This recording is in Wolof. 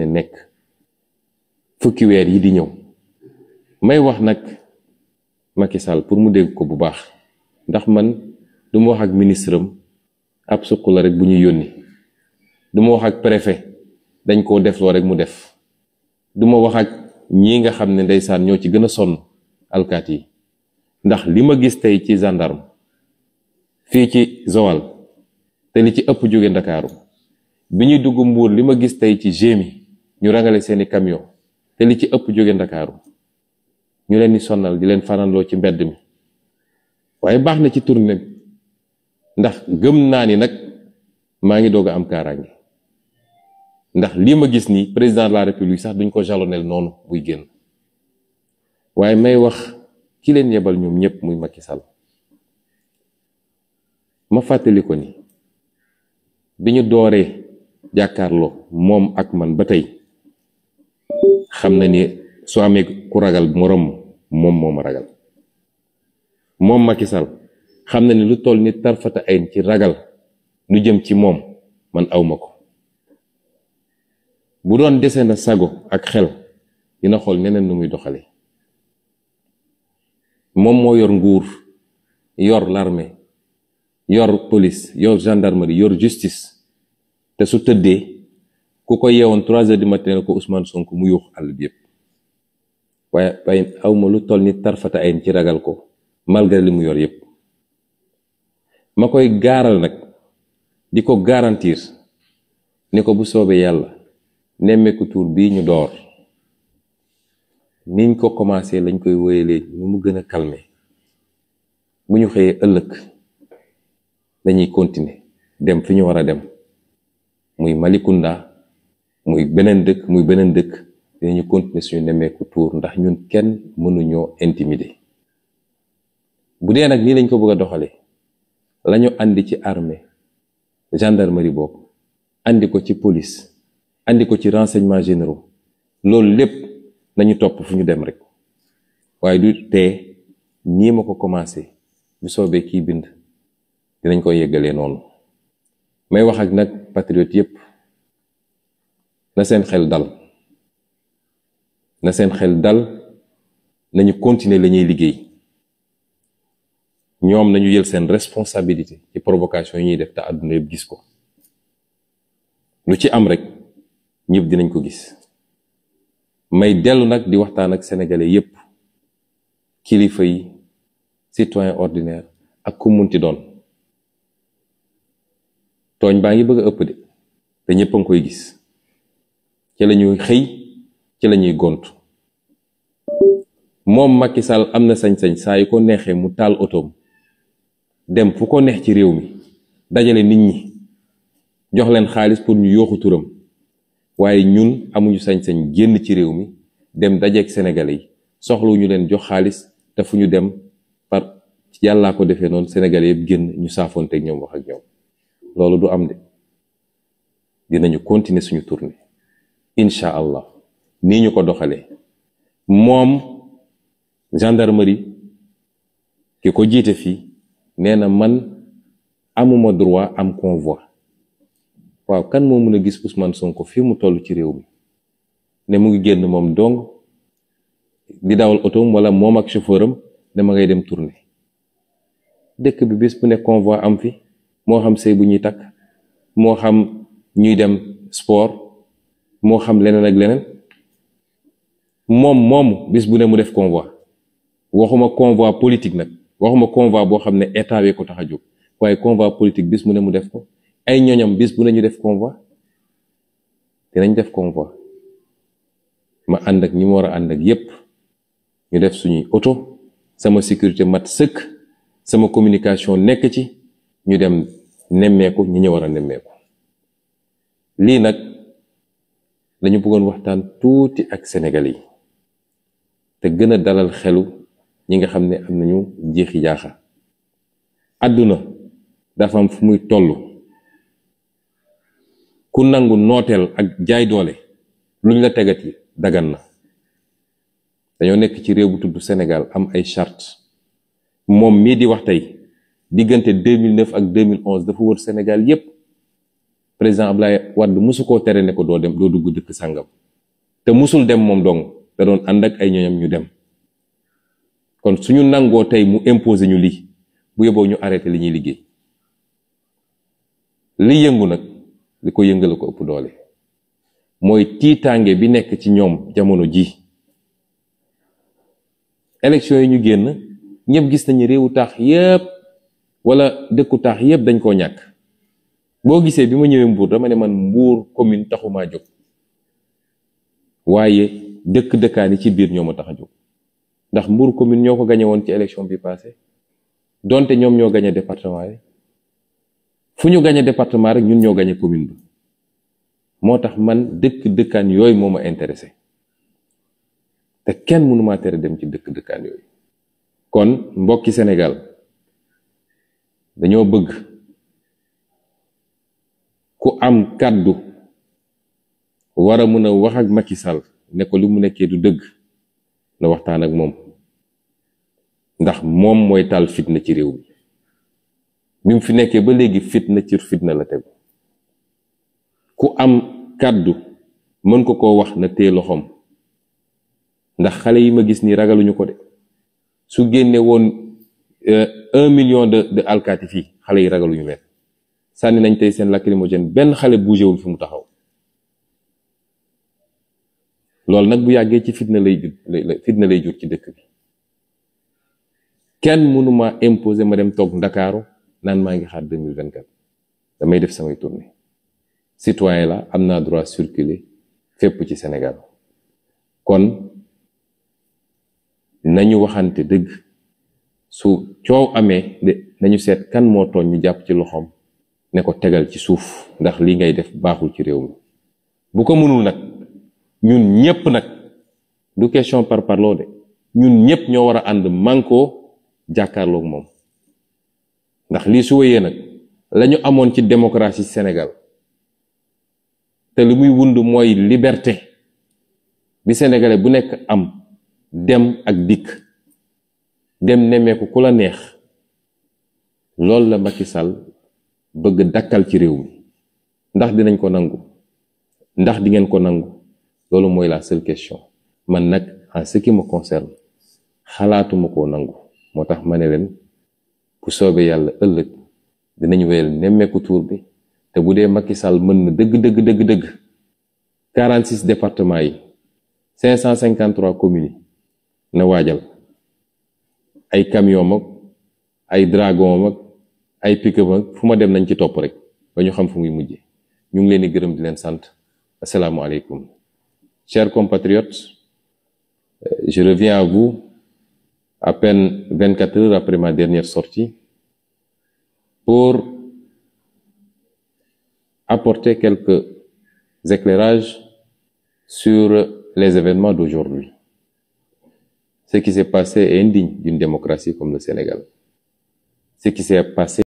ne nekk fukki weer yi di ñëw may wax nag Macky Sall pour mu dégg ko bu baax ndax man du ma wax ak ministre ab suq la rek bu ñu yónni du ma wax ak préfet dañ koo def loo rek mu def du ma wax ak ñii nga xam ne ndeysaan ñoo ci gën a sonn alkaat yi ndax li ma gis tey ci gendarme fii ci Joal te li ci ëpp jóge Ndakaaru bi ñuy dugg mbuur li ma gis tey ci gémi ñu rangale seeni camion te li ci ëpp jóge ndakaaru ñu leen di sonnal di leen fananloo ci mbedd mi waaye baax na ci tournée ndax gëm naa ni nag maa ngi doog a am kaaraange ndax lii ma gis nii président la république sax duñ ko jalonel noonu buy génn waaye may wax ki leen yebal ñoom ñëpp muy Macky Sall ma fàttali ko ni bi ñu dooree jàkkaarloo moom ak man ba tey xam na ni su amee ku ragal moroom moom moom ragal moom Macky Sall xam na ni lu toll nit tarfata ay ci ragal lu jëm ci moom man awma ko bu doon dese na sago ak xel dina xool neneen lu muy doxale moom moo yor nguur yor l'armée yor police yor gendarmerie yor justice te su tëddee ku ko yeewoon trois heures du matin la ko Ousmane Sonko mu yuux àll yépp waaye waaye awma lu toll ni tarfata ayn ci ragal ko malgré li mu yor yëpp ma koy gaaral nag di ko garantir ni ko bu soobee yàlla nemmeeku tuur bii ñu door niñ ko commencé lañ koy wéyalee ñu mu gën a calmer bu ñu xëyee ëllëg dañuy continuer dem fi ñu war a dem muy Malicounda muy beneen dëkk muy beneen dëkk dinañu continuer suñu nemmeeku tour ndax ñun kenn mënuñoo intimider bu dee nag nii lañ ko bëgg doxalee la ñu andi ci armée gendarmerie boobu andi ko ci police andi ko ci renseignement généraux loolu lépp nañu topp fu ñu dem rek waaye du tee nii ma ko commencé bu soobee kii bind dinañ ko yeggalee noonu may wax ak nag patriote yépp na seen xel dal na seen xel dal nañu continuer la ñuy liggéey ñoom nañu jël seen responsabilité ci provocation yi ñuy def te àdduna yëpp gis ko lu ci am rek ñëpp dinañ ko gis may dellu nag di waxtaan ak sénégalais yëpp kilifa yi citoyen ordinaire ak ku munti doon tooñ baa ngi bëgg a ëpp de te ñëpp a koy gis ci la ñuy xëy ci la ñuy gont moom Macky Sall am na sañ-sañ saa yu ko neexee mu taal otoom dem fu ko neex ci réew mi dajale nit ñi jox leen xaalis pour ñu yooxu turam waaye ñun amuñu sañ-sañ génn ci réew mi dem dajeeg Sénégalais yi soxlu ñu leen jox xaalis te ñu dem par yàllaa ko defee noonu Sénégalais yëpp génn ñu saafoonteeg ñoom wax ak ñoom loolu du am de dinañu continuer suñu tournée. incha allah nii ñu ko doxalee moom gendarmerie ki ko jiite fii nee na man amuma droit am convoi waaw kan moo mën a gis Ousmane Sonko fii mu toll ci réew mi ne mu ngi génn moom dong di dawal oto walla moom ak chauffeur dama ngay dem tournée dëkk bi bis bu ne convoi am fi moo xam sëy bu ñuy takk moo xam ñuy dem sport moo xam leneen ak leneen moom moom bis bu ne mu def convoi waxuma convoi politique nag waxuma convoi boo xam ne état wee ko tax a jóg waaye convoi politique bis bu ne mu def ko ay ñoñam bis bu ne ñu def convoi dinañ def convoi ma ànd ak ñi ma war a ànd ak yépp ñu def suñuy oto sama sécurité mat sëkk sama communication nekk ci ñu dem nemmeeku ñi ñu war a nemmeeku lii nag dañu bëggoon waxtaan tuuti ak Sénégalais yi te gën a dalal xelu ñi nga xam ne am nañu jeexi jaaxa àdduna dafa am fu muy tollu ku nangu nooteel ak jaay doole luñ la tegat yi dagan na dañoo nekk ci réew bu tudd Sénégal am ay charte moom mii di wax tey diggante 2009 ak 2011 dafa wër Sénégal yépp président Ablaye Wade mosu koo tere ne ko doo dem doo dugg dëkk sàngam te mosul dem moom dong da doon ànd ak ay ñoñam ñu dem kon suñu nangoo tey mu imposer ñu lii bu yóbboo ñu arrêté li ñuy liggéey li yëngu nag li ko yëngale ko ëpp doole mooy tiitaange bi nekk ci ñoom jamono jii élection yi ñu génn ñëpp gis nañu réewu taax yépp walla dëkku taax yépp dañ koo ñàkk boo gisee bi ma ñëwee Mbour dama ne man Mbour commune taxumaa jóg waaye dëkk dëkkaan yi ci biir ñoo ma tax a jóg ndax Mbour commune ñoo ko gañe ci élection bi passé donte ñoom ñoo gañe département yi fu ñu gañe département rek ñun ñoo gañe commune bi moo tax man dëkk dëkkaan yooyu moom ma intéressé te kenn mënu maa tere dem ci dëkk dëkkaan yooyu kon mbokki Sénégal dañoo bëgg ku am kàddu war a mën a wax ak Macky Sall ne ko lu mu nekkee du dëgg na waxtaan ak moom ndax moom mooy taal fitna ci réew mi bi mu fi nekkee ba léegi fitna ci fitna la tegu ku am kàddu mën ko koo wax na téye loxoom ndax xale yi ma gis nii ragaluñu ko de su génne woon euh, un million de de alkaati fii xale yi ragaluñu leen sànni nañ tey seen lacrymogène benn xale bougéwul fu mu taxaw loolu nag bu yàggee ci fitna lay jur fitna lay jur ci dëkk bi kenn mënuma imposer ma dem toog ndakaaru naan maa ngi xaar 2024 damay def samay tournée citoyen la am naa droit circuler fépp ci senegal kon nañu waxante dëgg su coow amee de nañu seet kan moo tooñ ñu jàpp ci loxoom ne ko tegal ci suuf ndax lii ngay def baaxul ci réew mi bu ko mënul nag ñun ñépp nag du question par parloo de ñun ñépp ñoo war a ànd mànkoo jàkkaarloog moom ndax lii su yee nag lañu amoon ci démocratie Sénégal te li muy wund mooy liberté bi sénégalais bu nekk am dem ak dikk dem nemmeeku ku la neex loolu la Macky Sall bëgg dakkal ci réew mi ndax dinañ ko nangu ndax di ngeen ko nangu loolu mooy la seule question man nag en ce qui xalaatuma ko nangu moo tax ma ne leen bu soobee yàlla ëllëg dinañ wéyal nemmeeku tuur bi te bu dee Macky Sall mën na dëgg dëgg dëgg dëgg 46 départements yi 553 communes yi na waajal ay camion mag ay dragon mag ay pick-up fu ma dem nañ ci topp rek ba ñu xam fu muy mujje ñu ngi leen di gërëm di leen sant asalaamualeykum chers compatriotes euh, je reviens à vous à peine 24 heures après ma dernière sortie pour apporter quelque éclairages sur les événements d'aujourd'hui. Ce qui s'est passé est indigne d'une démocratie comme le Sénégal. Ce qui s'est passé